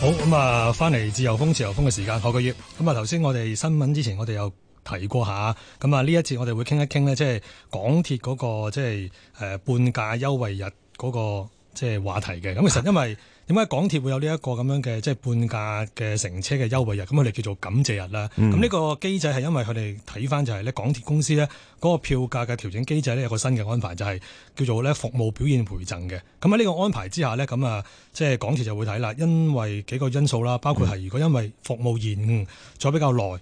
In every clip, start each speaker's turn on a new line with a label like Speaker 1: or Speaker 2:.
Speaker 1: 好咁啊，翻、嗯、嚟自由風自由風嘅時間，下個月。咁、嗯、啊，頭先我哋新聞之前我哋有提過下，咁啊呢一節我哋會傾一傾咧，即係港鐵嗰、那個即係誒、呃、半價優惠日嗰、那個即係話題嘅。咁、嗯、其實因為。點解港鐵會有呢一個咁樣嘅即係半價嘅乘車嘅優惠日？咁佢哋叫做感謝日啦。咁呢、嗯、個機制係因為佢哋睇返就係咧，港鐵公司咧嗰個票價嘅調整機制咧有個新嘅安排，就係、是、叫做咧服務表現回贈嘅。咁喺呢個安排之下咧，咁啊即係港鐵就會睇啦，因為幾個因素啦，包括係如果因為服務延誤咗比較耐，咁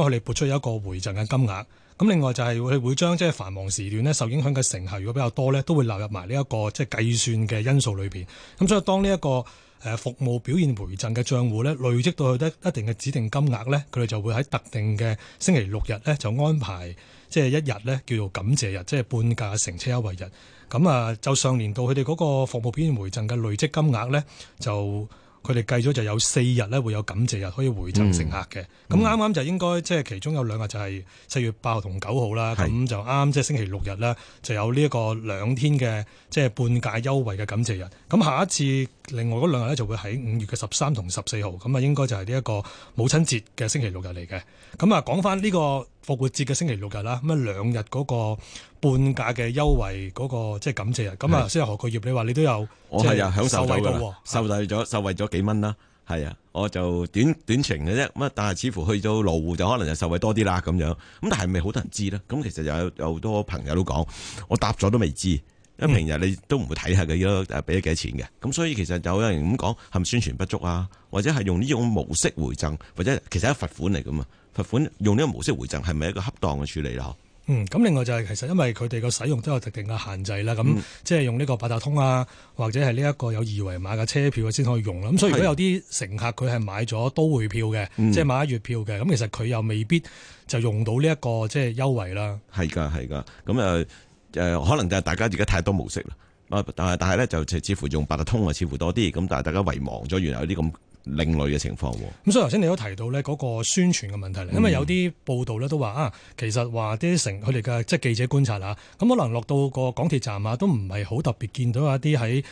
Speaker 1: 啊佢哋撥出一個回贈嘅金額。咁另外就係佢會將即係繁忙時段咧受影響嘅乘客如果比較多咧，都會流入埋呢一個即係計算嘅因素裏邊。咁所以當呢一個誒服務表現回贈嘅賬戶咧累積到去得一定嘅指定金額咧，佢哋就會喺特定嘅星期六日咧就安排即係一日咧叫做感謝日，即係半價乘車優惠日。咁啊，就上年度佢哋嗰個服務表現回贈嘅累積金額呢，就。佢哋計咗就有四日咧，會有感謝日可以回贈乘、乘客嘅。咁啱啱就應該即係其中有兩日就係四月八號同九號啦。咁就啱即係星期六日咧，就有呢一個兩天嘅即係半價優惠嘅感謝日。咁下一次另外嗰兩日咧就會喺五月嘅十三同十四號。咁啊應該就係呢一個母親節嘅星期六日嚟嘅。咁啊講返呢個。復活節嘅星期六日啦，咁啊兩日嗰個半價嘅優惠嗰、那個即係、就是、感謝日，咁啊先係何國業，你話你都有我係啊享受嘅
Speaker 2: 受咗受惠咗幾蚊啦，係啊，我就短短程嘅啫，咁但係似乎去到羅湖就可能就受惠多啲啦，咁樣，咁但係咪好多人知啦？咁其實有有好多朋友都講，我答咗都未知，因為平日你都唔會睇下佢俾咗幾多錢嘅，咁所以其實有人咁講，係咪宣傳不足啊？或者係用呢種模式回贈，或者其實係罰款嚟噶嘛？罰款用呢個模式回贈係咪一個恰當嘅處理咯？嗯，
Speaker 1: 咁另外就係其實因為佢哋個使用都有特定嘅限制啦，咁、嗯、即係用呢個八達通啊，或者係呢一個有二維碼嘅車票先可以用啦。咁、嗯、所以如果有啲乘客佢係買咗都會票嘅，嗯、即係買咗月票嘅，咁其實佢又未必就用到呢一個即係優惠啦。
Speaker 2: 係噶係噶，咁誒誒，可能就係大家而家太多模式啦。但係但係咧就似乎用八達通啊，似乎多啲。咁但係大家遺忘咗原來有啲咁。另類嘅情況喎，
Speaker 1: 咁所以頭先你都提到呢嗰個宣傳嘅問題嚟，因為有啲報道呢都話啊，其實話啲成佢哋嘅即係記者觀察吓，咁可能落到個港鐵站啊，都唔係好特別見到有一啲喺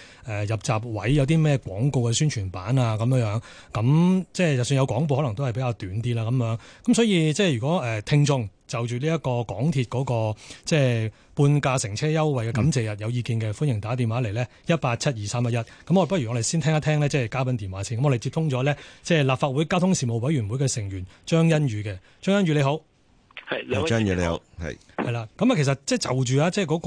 Speaker 1: 誒入閘位有啲咩廣告嘅宣傳板啊咁樣樣，咁即係就算有廣播，可能都係比較短啲啦咁樣，咁所以即係如果誒聽眾。就住呢一個港鐵嗰、那個即係、就是、半價乘車優惠嘅感謝日有意見嘅，歡迎打電話嚟呢一八七二三一一。咁我不如我哋先聽一聽呢，即、就、係、是、嘉賓電話先。咁我哋接通咗呢，即、就、係、是、立法會交通事務委員會嘅成員張欣宇嘅，張欣宇你好。
Speaker 2: 係張欣宇你好，係
Speaker 1: 係啦，咁啊，其實即係就住啊，即係嗰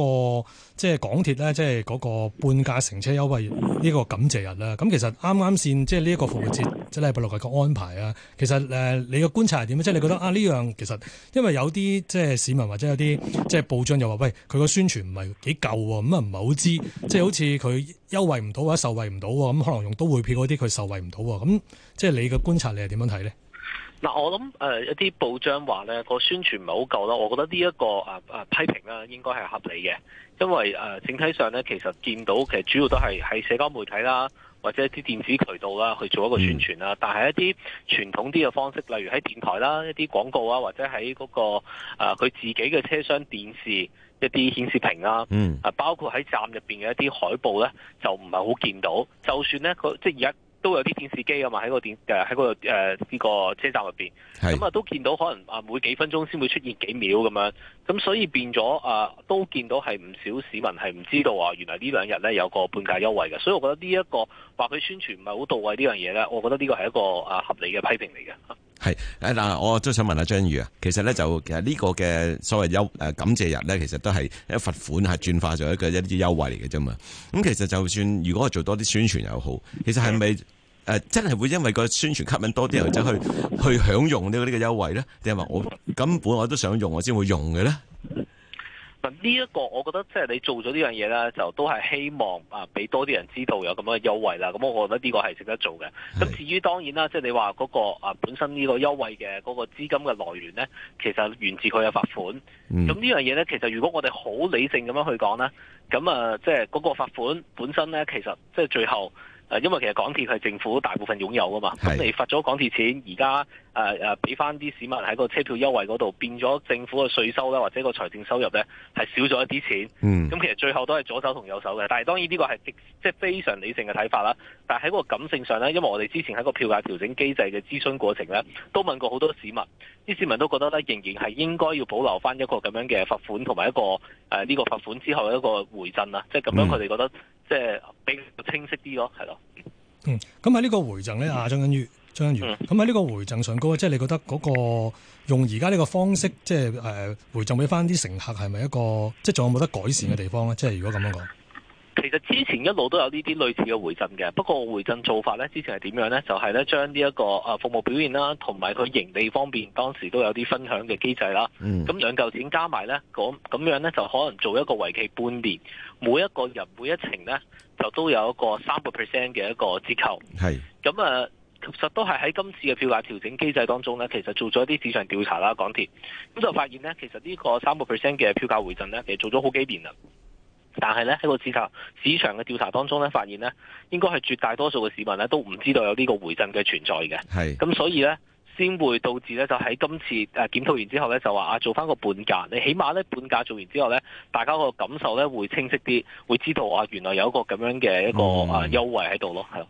Speaker 1: 個即係港鐵咧，即係嗰個半價乘車優惠呢個感謝日啦。咁其實啱啱先，即係呢一個復活節，即係禮拜六係個安排啊。其實誒，你嘅觀察係點咧？即係你覺得啊，呢樣其實因為有啲即係市民或者有啲即係報章又話喂，佢個宣傳唔係幾夠喎，咁啊唔係好知。即係好似佢優惠唔到嘅話，受惠唔到嘅話，咁可能用都會票嗰啲，佢受惠唔到。咁即係你嘅觀察你，你係點樣睇咧？
Speaker 3: 嗱，我諗誒、呃、一啲報章話咧，呢個宣傳唔係好夠咯，我覺得呢、呢、一個誒誒、呃、批評咧應該係合理嘅，因為誒、呃、整體上咧其實見到其實主要都係喺社交媒體啦，或者一啲電子渠道啦去做一個宣傳啦，但係一啲傳統啲嘅方式，例如喺電台啦、一啲廣告啊，或者喺嗰、嗰個佢、呃、自己嘅車廂電視一啲顯示屏啦，嗯，啊包括喺站入邊嘅一啲海報咧就唔係好見到，就算咧個即係而家，都有啲電視機啊嘛，喺個電誒喺嗰度誒呢個車站入邊，咁啊都見到可能啊每幾分鐘先會出現幾秒咁樣，咁所以變咗啊都見到係唔少市民係唔知道啊原來呢兩日咧有個半價優惠嘅，所以我覺得呢一個話佢宣傳唔係好到位呢樣嘢咧，我覺得呢個係一個啊合理嘅批評嚟嘅。
Speaker 2: 係誒嗱，我都想問下張宇啊，其實咧就其實呢個嘅所謂優誒感謝日咧，其實都係一罰款係轉化咗一個一啲優惠嚟嘅啫嘛。咁其實就算如果係做多啲宣傳又好，itu, 其實係咪？誒、呃、真係會因為個宣傳吸引多啲人走去去享用呢個呢個優惠咧？定係話我根本我都想用，我先會用嘅咧？嗱、
Speaker 3: 這個，呢一個我覺得即係你做咗呢樣嘢咧，就都係希望啊，俾多啲人知道有咁樣嘅優惠啦。咁我覺得呢個係值得做嘅。咁是至於當然啦，即係你話嗰、那個啊本身呢個優惠嘅嗰個資金嘅來源咧，其實源自佢嘅罰款。咁、嗯、呢樣嘢咧，其實如果我哋好理性咁樣去講咧，咁啊即係嗰、那個罰款本，本身咧，其實即係最後。因為其實港鐵係政府大部分擁有噶嘛，咁你罰咗港鐵錢，而家誒誒俾翻啲市民喺個車票優惠嗰度，變咗政府嘅稅收啦，或者個財政收入咧，係少咗一啲錢。咁其實最後都係左手同右手嘅，但係當然呢個係即係非常理性嘅睇法啦。但係喺嗰個感性上咧，因為我哋之前喺個票價調整機制嘅諮詢過程咧，都問過好多市民，啲市民都覺得呢，仍然係應該要保留翻一個咁樣嘅罰款同埋一個誒呢、呃這個罰款之後一個回贈啊，即係咁樣佢哋覺得、嗯、即係比較清晰啲咯，係咯。
Speaker 1: 嗯，咁喺呢個回贈咧，啊，張欣宇，張欣宇，咁喺呢個回贈上高，即係你覺得嗰、嗰個用而家呢個方式，即係誒、呃、回贈俾翻啲乘客，係咪一個，即係仲有冇得改善嘅地方咧？嗯、即係如果咁樣講。
Speaker 3: 其實之前一路都有呢啲類似嘅回贈嘅，不過回贈做法呢，之前係點樣呢？就係咧將呢一個啊服務表現啦、啊，同埋佢盈利方面當時都有啲分享嘅機制啦、啊。咁兩嚿錢加埋呢，嗰咁樣呢，就可能做一個為期半年，每一個人每一程呢，就都有一個三個 percent 嘅一個折扣。係是。咁啊、呃，其實都係喺今次嘅票價調整機制當中呢，其實做咗一啲市場調查啦，港鐵咁就發現呢，其實呢個三個 percent 嘅票價回贈呢，其實做咗好幾年啦。但係咧喺個市場、市場嘅調查當中咧，發現咧應該係絕大多數嘅市民咧都唔知道有呢個回贈嘅存在嘅。係是，咁所以咧先會導致咧就喺今次誒、呃、檢討完之後咧就話啊做翻個半價，你起碼咧半價做完之後咧，大家個感受咧會清晰啲，會知道啊原來有一個咁樣嘅一個、哦、啊優惠喺度咯，係。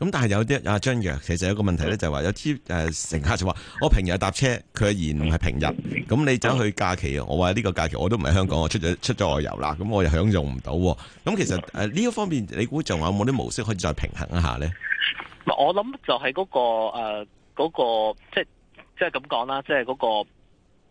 Speaker 2: 咁但係有啲阿、啊、張楊，其實有個問題咧，就係話有啲誒乘客就話，我平日搭車，佢而唔係平日，咁你走去假期啊？嗯、我話呢個假期我都唔喺香港，我出咗出咗外遊啦，咁我又享用唔到。咁其實誒呢一方面，你估仲有冇啲模式可以再平衡一下咧？
Speaker 3: 我諗就係嗰、那個誒嗰、呃那個，即即係咁講啦，即係嗰、那個，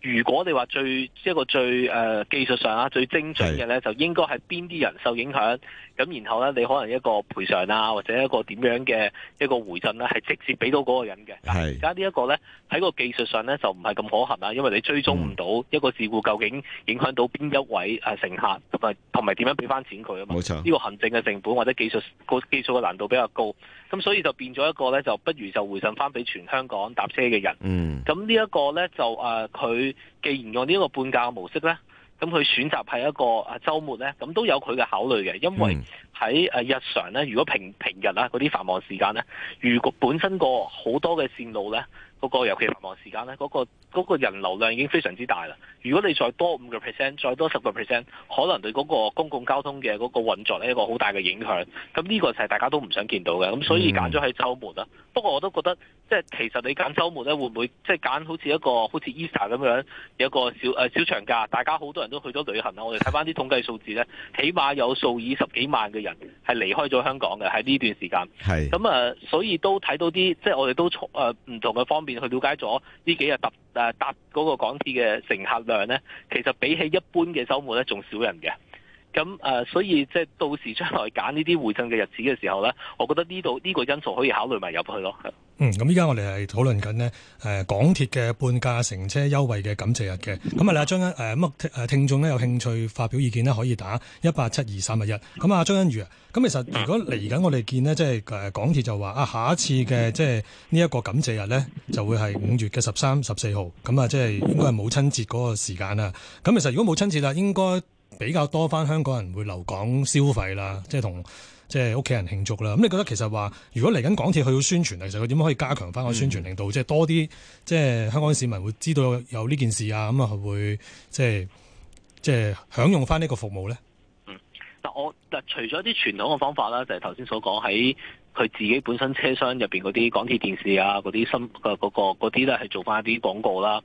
Speaker 3: 如果你話最即一個最誒、呃、技術上啊最精準嘅咧，就應該係邊啲人受影響？咁然後咧，你可能一個賠償啊，或者一個點樣嘅一個回贈咧，係直接俾到嗰個人嘅。係。而家呢一個咧，喺個技術上咧就唔係咁可行啦、啊，因為你追蹤唔到一個事故究竟影響到邊一位啊乘客，同埋同埋點樣俾翻錢佢啊嘛。冇錯。呢個行政嘅成本或者技術個技術嘅難度比較高，咁所以就變咗一個咧，就不如就回贈翻俾全香港搭車嘅人。嗯。咁呢一個咧就啊，佢、呃、既然用呢一個半價嘅模式咧。咁佢選擇係一個啊週末咧，咁都有佢嘅考慮嘅，因為喺誒日常咧，如果平平日啊，嗰啲繁忙時間咧，如果本身個好多嘅線路咧。嗰個尤其繁忙時間咧，嗰個嗰個人流量已經非常之大啦。如果你再多五個 percent，再多十個 percent，可能對嗰個公共交通嘅嗰個運作咧一個好大嘅影響。咁呢個就係大家都唔想見到嘅。咁所以揀咗喺周末啦。嗯、不過我都覺得即係其實你揀周末咧，會唔會即係揀好似一個好似 Easter 咁樣有一個小誒、呃、小長假，大家好多人都去咗旅行啦。我哋睇翻啲統計數字咧，起碼有數以十幾萬嘅人係離開咗香港嘅喺呢段時間。係咁啊，所以都睇到啲即係我哋都從、呃、唔同嘅方便去了解咗呢幾日搭誒搭嗰個港鐵嘅乘客量咧，其實比起一般嘅周末咧，仲少人嘅。咁啊，所以即係到時將來揀呢啲回贈嘅日子嘅時候咧，我覺得呢度呢個因素可以考慮埋入去咯。嗯，
Speaker 1: 咁依家我哋係討論緊呢誒港鐵嘅半價乘車優惠嘅感謝日嘅。咁、嗯、啊張，張欣誒乜誒聽眾呢有興趣發表意見呢，可以打一八七二三一一。咁啊，張欣宇啊，咁其實如果嚟緊我哋見呢，即係誒港鐵就話啊，下一次嘅即係呢一個感謝日呢，就會係五月嘅十三、十四號。咁啊，即係應該係母親節嗰個時間啊。咁其實如果母親節啦，應該，比較多翻香港人會留港消費啦，即係同即係屋企人慶祝啦。咁、嗯、你覺得其實話，如果嚟緊港鐵去到宣傳，其實佢點樣可以加強翻個宣傳力度，即係多啲即係香港市民會知道有呢件事啊，咁啊佢會即係即係享用翻呢個服務咧。
Speaker 3: 嗯，但我但除咗啲傳統嘅方法啦，就係頭先所講喺佢自己本身車廂入邊嗰啲港鐵電視啊、嗰啲新嘅嗰個嗰啲咧，係、嗰個、做翻一啲廣告啦。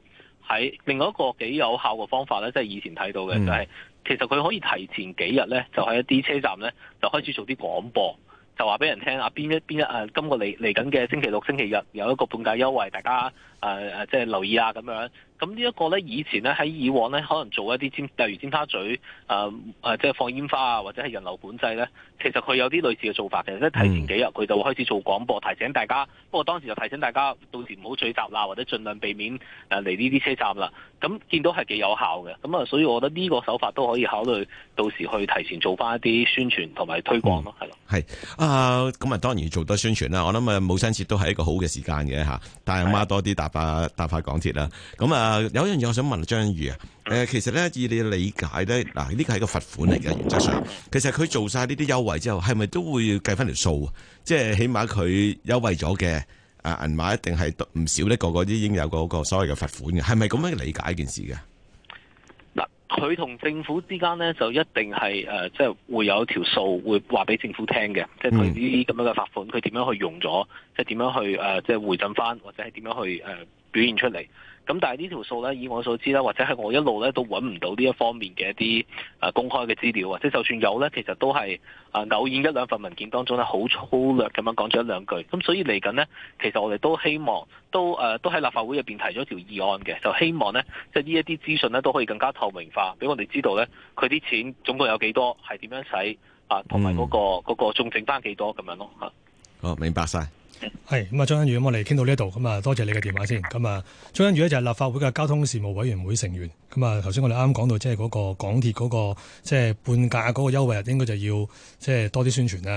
Speaker 3: 喺另外一個幾有效嘅方法咧，即係以前睇到嘅，就係其實佢可以提前幾日咧，就喺一啲車站咧，就開始做啲廣播，就話俾人聽啊，邊一邊一誒，今個嚟嚟緊嘅星期六、星期日有一個半價優惠，大家誒誒、呃，即係留意啊咁樣。咁呢一個呢，以前呢，喺以往呢，可能做一啲尖，例如尖沙咀啊啊，即係放煙花啊，或者係人流管制呢。其實佢有啲類似嘅做法嘅，即係提前幾日佢就會開始做廣播提醒大家。不過當時就提醒大家到時唔好聚集啦，或者儘量避免誒嚟呢啲車站啦。咁見到係幾有效嘅。咁啊，所以我覺得呢個手法都可以考慮到時去提前做返一啲宣傳同埋推廣咯，係咯、
Speaker 2: 嗯。係的啊，咁啊當然要做多宣傳啦。我諗啊母親節都係一個好嘅時間嘅嚇，帶阿媽多啲搭啊搭翻、啊、港鐵啦。咁啊的～呃、有一樣嘢我想問張欣宇啊，誒、呃，其實咧，以你嘅理解咧，嗱，呢個係個罰款嚟嘅原則上，其實佢做晒呢啲優惠之後，係咪都會計翻條數？即係起碼佢優惠咗嘅誒銀碼一定係唔少，呢個個都已經有嗰個所謂嘅罰款嘅，係咪咁樣嘅理解一件事嘅？
Speaker 3: 嗱，佢同政府之間呢，就一定係誒、呃，即係會有一條數會話俾政府聽嘅，即係佢呢啲咁樣嘅罰款，佢點樣去用咗？即係點樣去誒、呃，即係回贈翻，或者係點樣去誒？呃表現出嚟，咁但係呢條數咧，以我所知咧，或者係我一路咧都揾唔到呢一方面嘅一啲啊、呃、公開嘅資料啊，即係就算有咧，其實都係啊偶然一兩份文件當中咧，好粗略咁樣講咗一兩句，咁、嗯、所以嚟緊呢，其實我哋都希望都誒、呃、都喺立法會入邊提咗條議案嘅，就希望呢，即係呢一啲資訊咧都可以更加透明化，俾我哋知道咧，佢啲錢總共有幾多，係點樣使啊，同埋嗰個嗰、嗯嗰個仲、嗰個、剩翻幾多咁樣咯嚇。好，明白晒。
Speaker 1: 係咁啊，張欣宇，我哋傾到呢度，咁啊，多謝你嘅電話先。咁啊，張欣宇咧就係立法會嘅交通事務委員會成員。咁啊，頭先我哋啱啱講到，即係嗰個港鐵嗰個即係半價嗰個優惠，應該就要即係多啲宣傳啊。